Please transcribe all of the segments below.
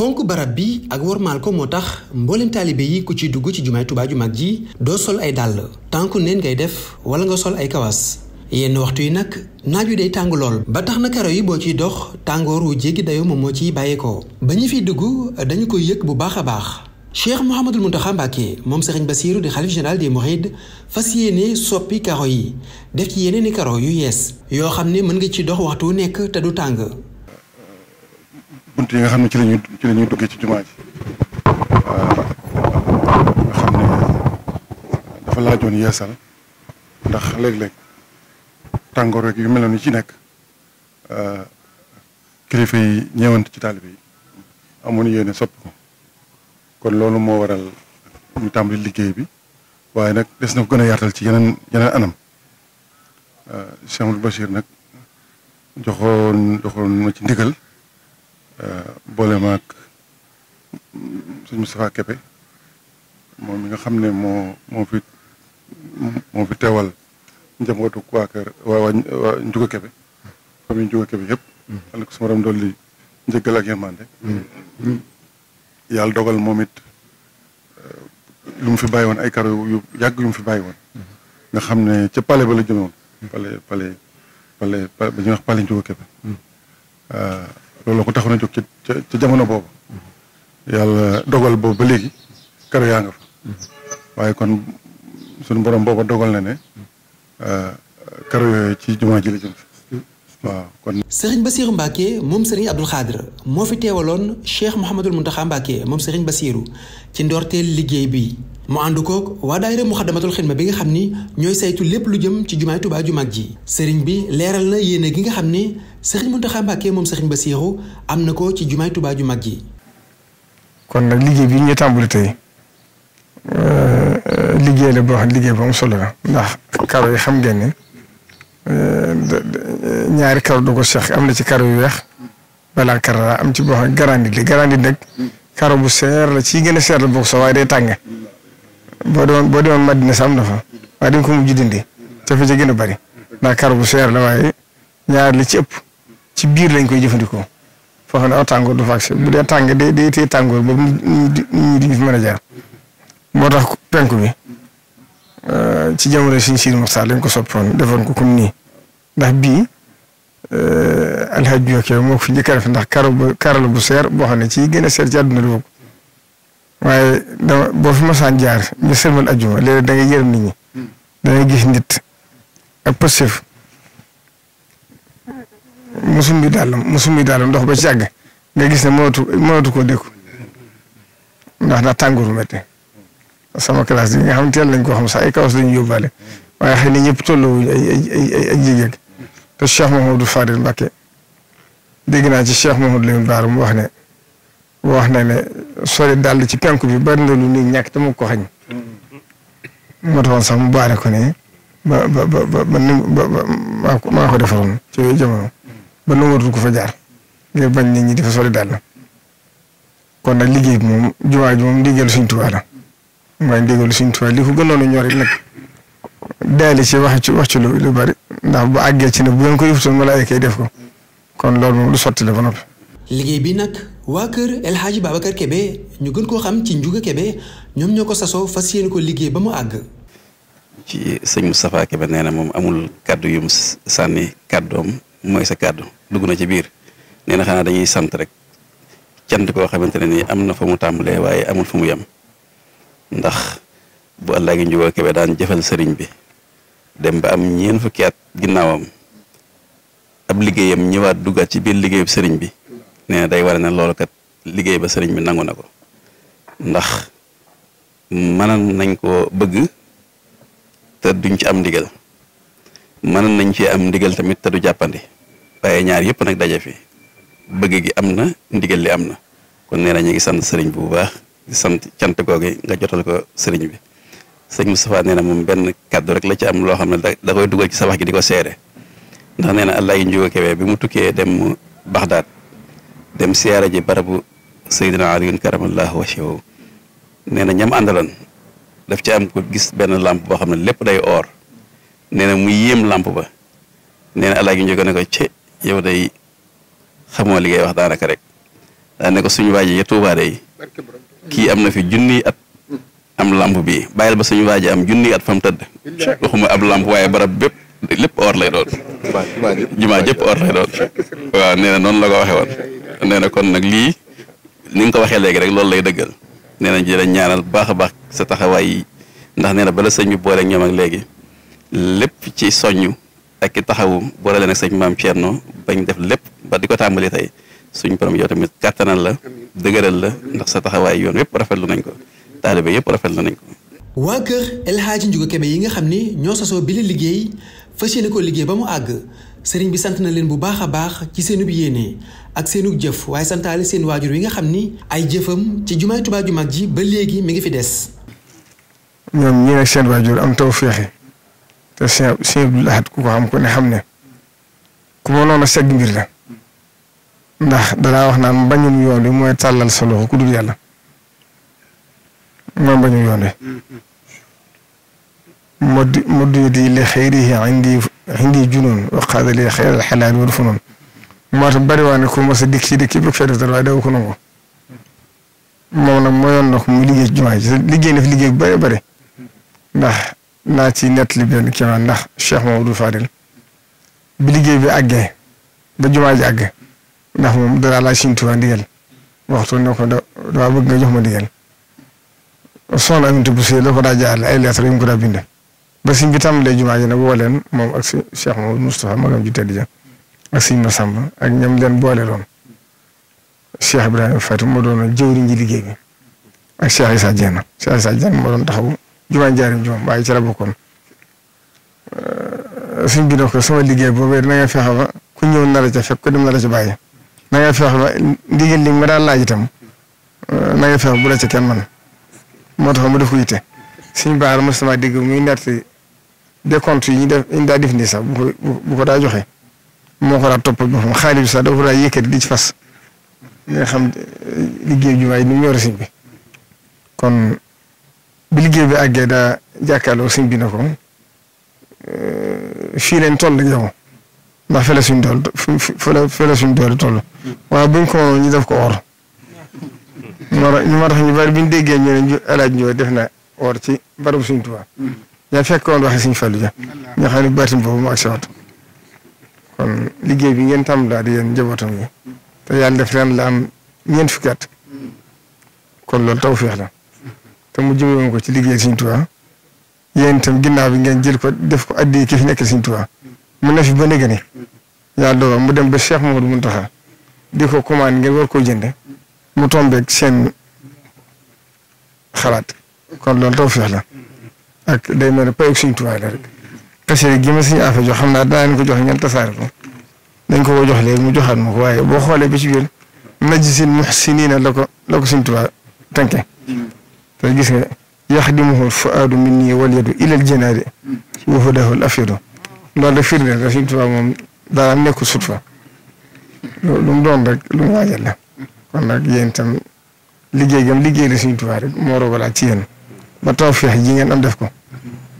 fonk barab bi ak wormaal ko moo tax mboolem taalibe yi ku ci dugg ci jumaay Tuubaa ju mag ji doo sol ay dàll tànku nen ngay def wala nga sol ay kawas yenn waxtu yi nag naaju day tàng lool ba tax na karo yi boo ciy dox tàngoor wu jéggi dayoo moom moo ciy bàyyeekoo ba ñu fiy dugg dañu koy yëg bu baax a baax Cheikh Mouhamadul Mountakha Mbacké moom ba Bassirou di xalif général des Mourides fas yéene soppi karo yi def ci yeneen i karo yu yees yoo xam ne mën nga ci dox waxtu wu nekk te du tàng yi nga xam ne ci la ñuy ci la ñuy ci jumaa ji nga xam ne dafa laajoon yeesal ndax léeg-léeg tàngoor rek yu mel noonu ci nekk euh, kilifa yi ñeewant ci taalibe yi amoon yéene sopp ko kon loolu moo waral ñu tàmbali liggéey bi waaye nag des na ko gën a yaatal ci yeneen yeneen anam euh, Cheikh Bachir nag joxoon joxoon ma ci ndigal Euh, boole maag sëñ Moustapha moom mi nga xam ne moo moo fi moo fi teewal njabootu waa kër waa waa Njuga Keppe famille Njuga Keppe yëpp. Mm-hmm. yàlla ko sama ram dolli njëggal ak yërmande. Mm-hmm. Mm-hmm. yàlla dogal moom it euh, lu mu fi bàyyi woon ay karo yu yàgg yu fi bàyyi woon. nga xam ne ca pale ba la jëme woon. palais ba ñuy wax palais Njuga Keppe. loolu ko taxoon a jóg ci ci jamono boobu yàlla dogal boobu ba léegi karo yaa nga fa waaye kon suñu borom booba dogal na ne euh, karo yooyu ci jumaa ji la waaw kon. Serigne Bassirou Mbacke moom Serigne Abdoul Khadre moo fi teewaloon Cheikh Mouhamadul Mountakha Mbacke moom Serigne Bassirou ci ndorteel liggéey bi. mu ànd koog waa daayira mu xaddamatul ma bi nga xam ni ñooy saytu lépp lu jëm ci jumaay Tuubaa ju mag ji sëriñ bi leeral na yéene gi nga xam ni sëriñ Muntaxa Mbàkke moom sëriñ Basiiru am na ko ci jumaay Tuubaa mag ji kon nag liggéey bi ñu tàmbali tey euh, euh, liggéey la boo xam liggéey bu am solo la ñaari karo du ko seex am na ci karo yu weex balaa karo am ci boo xam garanti la garanti nag karo bu seer la ci gën a la bokk sa waaye day tàng boo demoon boo demoon Madina sa am na fa waaye dañ ko mujj dindi te fa ca gën a bari ndax karo bu seer la waaye ñaar li ci ëpp ci biir la koy jëfandikoo foo xam ne aw tàngoor du fa agsi bu dee tàng day day téye tàngoor boobu ma ñi duñu fi mën a jaar moo tax penku bi euh, ci jamono suñ siir ko soppoon defoon nii ndax bii euh, alhaji yokkee moo ko fi njëkk a def ndax karo bu karo bu seer boo xam ne ci gën a seer ci àdduna lu waaye dama boo fi masaan jaar ñu sërmal ajuma léeg-léeg da ngay yërëm nit ñi hmm. da ngay gis nit ak pësëf musum bi daal musum bi daal ndox ba ci yàgg nga gis ne mënatu mënatu koo dékku ndax ndax tàngooru métti sama classe bi nga xam teel lañ koo xam sax ay kawas lañu yóbbaale waaye xëy na ñëpp tolluwuñu ay ay ay ay jéeg te Cheikh Mouhamadou Fadil Mbacké dégg naa ci Cheikh Mouhamadou Lamine Bara mu wax ne wax na ne sori dàll ci penku bi bari na lu ñuy ñàkk te mu ko baare ko ne ba ba ba ba maa ko maa ko defaroon ci yooyu jamono ba nu waratul ko fa jaar ngir bañ nit ñi di fa sori dàll kon nag liggéey bi moom jumaa ji la mooy ndigal ndax bu àggee ci ne bu leen ko yëftoon malaayika yi def ko kon loolu moom lu sotti la ba liggéey bi nag waa kër El Hadj Babacar ñu gën koo xam ci Ndiouga Kébé ñoom ñoo ko sasoo fas yéene ko liggéey ba mu àgg. ci sëñ Moustapha Kébé nee na moom amul kàddu yu sànni kàddoom mooy sa kàddu dugg na ci biir nee na xanaa dañuy sant rek cant koo xamante ne nii am na fa mu tàmbalee waaye amul fa mu yem ndax bu àllaa gi Ndiouga Kébé daan jëfal sëriñ bi. dem ba am ñeen fukki at ginnaawam ab liggéeyam ñëwaat duggaat ci biir liggéeyu sëriñ bi nee day war na loolu kat liggéey ba sëriñ bi nangu na ko ndax mën a nañ koo bëgg te duñ ci am ndigal mënoon nañ ci am ndigal tamit te du jàppandi waaye ñaar yëpp nag daje bëgg gi am na ndigal li am na kon nee na ñu sant sëriñ bu baax di sant cant googu nga jotal ko sëriñ bi. sëñ Moustapha nee na moom benn kàddu rek la ci am loo xam ne da koy dugal ci sa wax gi di ko seere ndax nee na Allaaji Njuga Kebe bi mu tukkee dem Baxdaad dem siyaare ji barabu Seydina Aliyun karamallaahu wajhahu nee na ñam àndaloon daf ci am ko gis benn làmp boo xam ne lépp day oor nee na mu yéem làmp ba nee na Allaaji Njuga ne ko ci yow day xamoo li ngay wax daanaka rek daa ne ko suñu waa ji ya Tuubaa day am na fi junniy at am làmp bi bàyyil ba suñu waaji am junni at fam tëdd waxuma ab lamp waaye barab bépp lépp or lay doon jumaa jëpp or lay doon waaw nee na noonu la ko waxee woon nee na kon nag lii ni nga ko waxee léegi rek loolu lay dëggal nee na jëla ñaanal baax a baax sa taxawaay yi ndax nee na bala sëñ bi booleeg ñoom ak léegi lépp ci soññu ak i taxawu boole leen ak sëñ maam Thierno bañ def lépp ba di ko tàmbali tey suñ borom yow tamit kàttanal la dëgëral la ndax sa taxawaay yoon yépp rafetlu nañ ko taalibe yëpp rafetlu nañ ko. waa kër El Hadj Ndiouga Kébé yi nga xam ni ñoo sasoo bi la liggéey fa yéene ko liggéey ba mu àgg sëriñ bi sant na leen bu baax a baax ci seenub yéene ak seenu jëf waaye santaale seen waajur wi nga xam ni ay jëfam ci jumaay Tuubaa ju mag ji ba léegi mi ngi fi des. ñoom ñi seen waajur am taw féexe te sëñ sëñ Abdul ku ko xam ko ne xam ne ku ma noonu segg mbir la ndax danaa wax naan bañum yoon wi mooy tàllal sa loxo man bañu yoone modi modiyati li xayrihi indi indi junoon wa qaada li xayr al xalaal wal funoon moo tax bari waa ko mos a dikk si dëkk yi bëgg fee def dara ko nangu moom nag mooyoon na mu liggéey ci jumaa ji liggéey na liggéey bu bëree bëri ndax naa ci nett li benn kii ndax Cheikh Mamadou bi liggéey bi àggee ba jumaa ji àgg ndax moom dara laa Sëriñ Tuubaa ndigal waxtu ne da daa bëgg nga jox ma ndigal soxna Aminata Bousso dafa daa jaarale ay lettres yu mu ko daa bindee ba sëñ bi tàmbalee jumaa ji nag woo leen moom ak si Cheikh Mamadou Moustapha ja ak sëñ Massamba ak ñam leen boole loon Cheikh Ibrahima Fatou moo doon jëwriñ ji liggéey bi ak Cheikh Issa Dieng moo doon taxawu jumaa njaarim jumaa waaye ci la bokkoon euh, sëñ bi ne ko liggéey boobee na nga fexe ku ñëw na la ca fekk ku dem na la ca bàyyi na nga fexe ba ndigal li nga daan laaj itam euh, na nga fexe bu la ca kenn mën moo tax mu def ko yitte suñ baar mos na maa dégg muy netti décompte yi ñu def ñu daa def nii sax bu ko daa joxe moo ko daa toppal boppam xaalis bi sax dafa daa yëkkati di ci fas nga xam eh, liggéey bi waaye ni mu yore sëñ bi kon bi liggéey bi àggee daa jàkkaarloo sëñ bi na ko eh, fii leen toll ak yow ndax fële suñ doole fële fële suñ doole toll ko ñu def ko moo tax ñu bari bi ñu déggee ñu ne alaaj Njóoba def na woor ci barabu Sëriñ Tuubaa ñaa mm-hmm. fekkoon waxe Sëriñ Fallu ja ñoo xam ne baatin boobu mu ak sawat kon liggéey bi ngeen tam daal di yéen njabootam yi mm-hmm. te yàlla def ren la am mm-hmm. kon loolu tawfeex la te mu jëmewoon ko ci liggéey Sëriñ Tuubaa yéen itam bi ngeen jël ko def ko addi ki nekk Sëriñ mu ne fi ba léegi ni mu dem ba Cheikh Mamadou Mountakha di ko commande ngeen war koo jënd mu tombeek seen xalaat kon loolu tawfeex la ak day mel ne payug suñ tubaab la rek xasee gi ma suñu affaire jox xam naa dinaa leen ko jox ngeen tasaare ko dañ ko ko jox léegi mu joxaat ma ko waaye boo xoolee ba ci biir najsil muxsinina la ko la ko suñ tubaab tànke te gis nga yaxdimuhu fuaadu minni wal yadu ilal jinaari wa hudahu al afidu loolu da firndeel la suñ tubaab moom daanaka nekkul sut fa loolu lu mu doon rek lu mu waajal la kon nag yéen itam liggéey gam liggéey la suñu Tuubaa rek moo rogalaat ci yéen ba tawfeex ji ngeen am def ko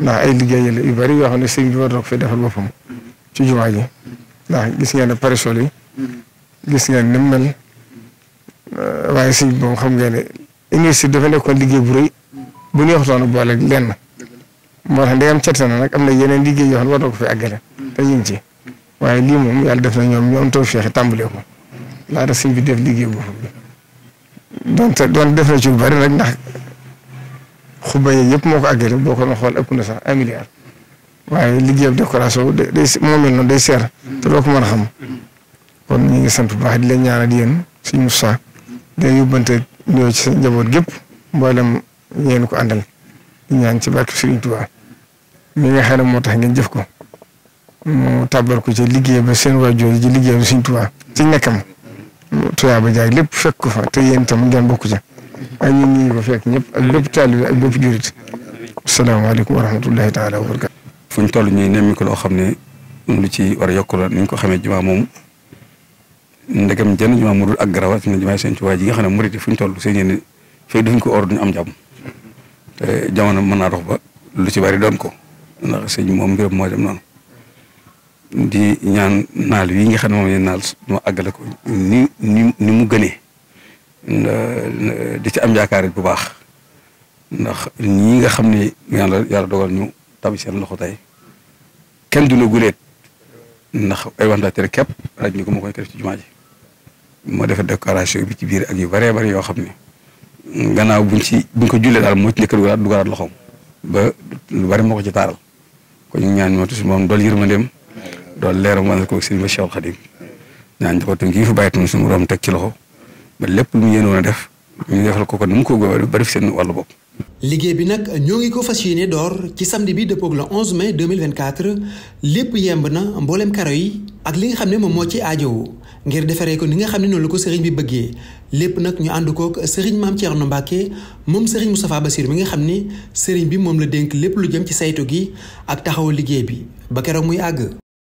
ndax ay liggéey la yu bari yoo xam ne sëñ bi war na ko fi defal boppam ci jumaa ji ndax gis ngeen ne parasol yi gis ngeen ni mu mel euh, waaye sëñ bi moom xam ngeen ne université dafa nekkoon liggéey bu rëy bu ñu waxtoon boole lenn moo tax ndegam cet na nag am na yeneen liggéey yoo xam ne war na ko fi àggale te ñu ngi ci waaye lii moom yàlla def na ñoom ñoom tawfeex tàmbalee ko laata sëñ bi def liggéey boobu donte doon def na ci lu bari nag ndax xuba yi yëpp moo ko àggale boo ko doon xool ëpp na sax un milliard waaye liggéeyam décoration day day moo mel noonu day seer te doo ko mën a xam kon ñu ngi sant bu baax di leen ñaanal yéen suñu Moussa day yóbbante ñëw ci sa njaboot gépp mboolem ñeen ko àndal di ñaan ci barke Sëriñ Tuubaa mi nga xam ne moo tax ngeen jëf ko mu tàbbal ko ci liggéey ba seen waajur ji liggéey ba Sëriñ Tuubaa ci nekkam tuyaaba jaay lépp fekk ko fa te yéen itam ngeen bokk ca ak ñun ko fekk ñëpp ak bépp taalibe ak bépp jurit salaamaaleykum wa rahmatullahi taala wa barakaatu. fu ñu toll ñuy nemmi loo xam ne lu ci war a yokk la ni ñu ko xamee jumaa moom ndegam jenn jumaa mu dul ak garawaat na jumaay seen tuwaay ji nga xam ne murit yi fu ñu toll seen yéen fekk duñ ko or duñu am jàmm te jamono mën naa dox ba lu ci bari doon ko ndax sëñ moom mbiram moo dem noonu. di ñaan naal yi nga xam ne moom la naal mu àggale ko ni ni ni mu gënee di ci am yaakaar bu baax ndax ñi nga xam ne yàlla yàlla dogal ñu tabi seen loxo tey kenn du guleet ndax ay wanteer képp raj ni ko ma koy def ci jumaa ji moo defee décoration bi ci biir ak yu bëree bëri yoo xam ne gannaaw buñ ci buñ ko jullee daal moo ci njëkk a dugalaat loxoom ba lu bëri moo ko ci taaral kon ñu ñaan ñoo tuuti moom dool yërmandeem dool leeram wane ko sëñ ba Cheikh Khadim ñaan njabootam gi fi bàyyi tamit suñu borom teg ci loxo ba lépp lu mu yéen ko ko ni mu ko góobee ba def seen wàllu bi nag ñoo ngi ko fas yéene door ci samedi bi dëppoog le 11 mai 2024 lépp yemb na mboolem karo yi ak li nga xam ne moom moo ci aajowu ngir defaree ko ni nga xam ne noonu la ko sëriñ bi bëggee lépp nag ñu ànd kook sëriñ maam Thierno Mbacke moom sëriñ Moustapha Bassir mi nga xam ne sëriñ bi moom la dénk lépp lu jëm ci saytu gi ak taxawu liggéey bi ba keroog muy àgg.